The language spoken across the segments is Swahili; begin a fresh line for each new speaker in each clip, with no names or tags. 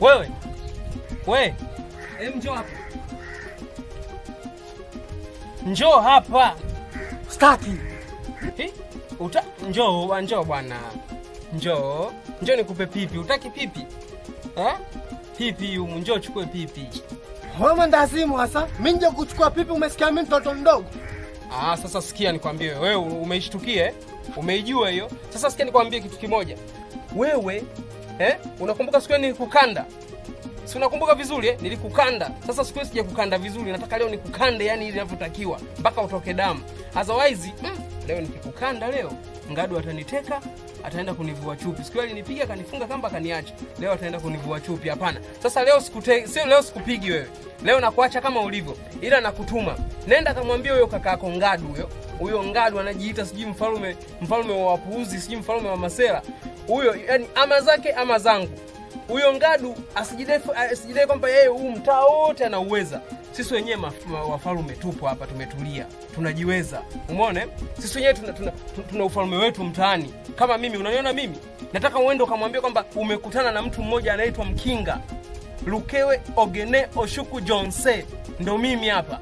Wewe we, njoo hapa, njoo hapa. Staki uta, njoo njoo bwana, njoo njoo nikupe pipi. Utaki pipi ha? Pipi umu njoo chukue pipi.
Wewe ndazimu hasa, mimi nje kuchukua pipi? Umesikia mimi mtoto mdogo?
Ah, sasa sikia nikwambie, wewe umeishtukie, eh? umeijua hiyo. Sasa sikia nikwambie kitu kimoja, wewe eh? Unakumbuka siku nilikukanda? Si unakumbuka vizuri eh? Nilikukanda. Sasa siku hiyo sijakukanda vizuri, nataka leo nikukande, yani ili inavyotakiwa mpaka utoke damu. Otherwise, mm, leo nikikukanda leo Ngadu ataniteka, ataenda kunivua chupi. Siku alinipiga akanifunga kamba akaniacha. Leo ataenda kunivua chupi. Hapana. Sasa leo sikute, sio leo sikupigi wewe. Leo nakuacha kama ulivyo, ila nakutuma, nenda kamwambia huyo yako Ngadu huyo huyo Ngadu anajiita sijui mfalme mfalme wa wapuuzi sijui mfalme wa masera huyo, yani ama zake ama zangu. Huyo Ngadu asijidai kwamba yeye huu mtaa wote anauweza. Sisi wenyewe wafalme tupo hapa, tumetulia, tunajiweza. Umeona, eh? sisi wenyewe tuna, tuna, tuna, tuna ufalme wetu mtaani. Kama mimi unaniona mimi, nataka uende ukamwambia kwamba umekutana na mtu mmoja anaitwa Mkinga. Lukewe Ogene Oshuku Jonse, ndo mimi hapa.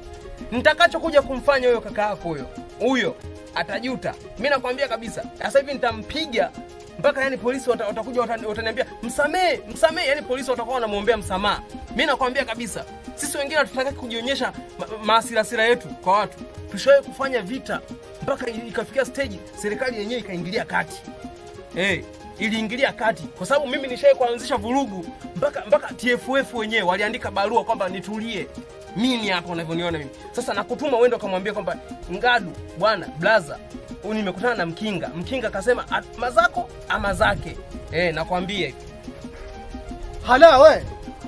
Nitakachokuja kumfanya huyo kaka yako huyo huyo atajuta. Mimi nakwambia kabisa, sasa hivi nitampiga mpaka yani polisi watakuja wataniambia msamee, msamee, Yani polisi watakuwa wanamwombea msamaha. Mimi nakwambia kabisa, sisi wengine hatutaki kujionyesha maasirasira yetu kwa watu.
Tushawahi kufanya vita mpaka ikafikia stage serikali yenyewe ikaingilia kati
hey, iliingilia kati kwa sababu mimi nishai kuanzisha vurugu mpaka mpaka TFF wenyewe waliandika barua kwamba nitulie mimi hapa unavyoniona mimi sasa, nakutuma uende ukamwambia kwamba Ngadu bwana blaza, nimekutana na Mkinga. Mkinga kasema mazako ama zake. Eh, nakwambia hivi
hala, we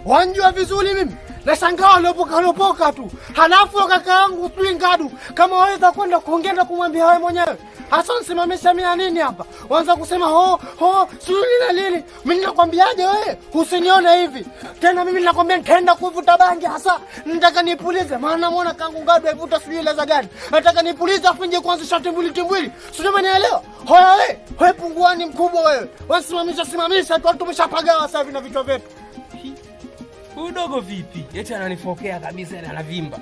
wanjua vizuri mimi nashangaa walopoka walopoka tu. Halafu kaka yangu sijui Ngadu kama waweza kwenda kuongea na kumwambia wewe mwenyewe hasa nisimamisha mia nini hapa, waanza kusema ho ho sijui lile lili. Mimi ninakwambiaje wewe, usinione hivi tena. Mimi ninakwambia nitaenda kuvuta bangi hasa, nataka nipulize, maana muona kangu Ngadu aivuta sijui ile za gani, nataka nipulize afu nje kwanza shati mbili timbili, sijui umenielewa? Hoya wewe, wewe punguani mkubwa wewe, wasimamisha simamisha tu, tumeshapagawa sasa hivi na vichwa vyetu
udogo vipi? Yeti ananifokea kabisa, anavimba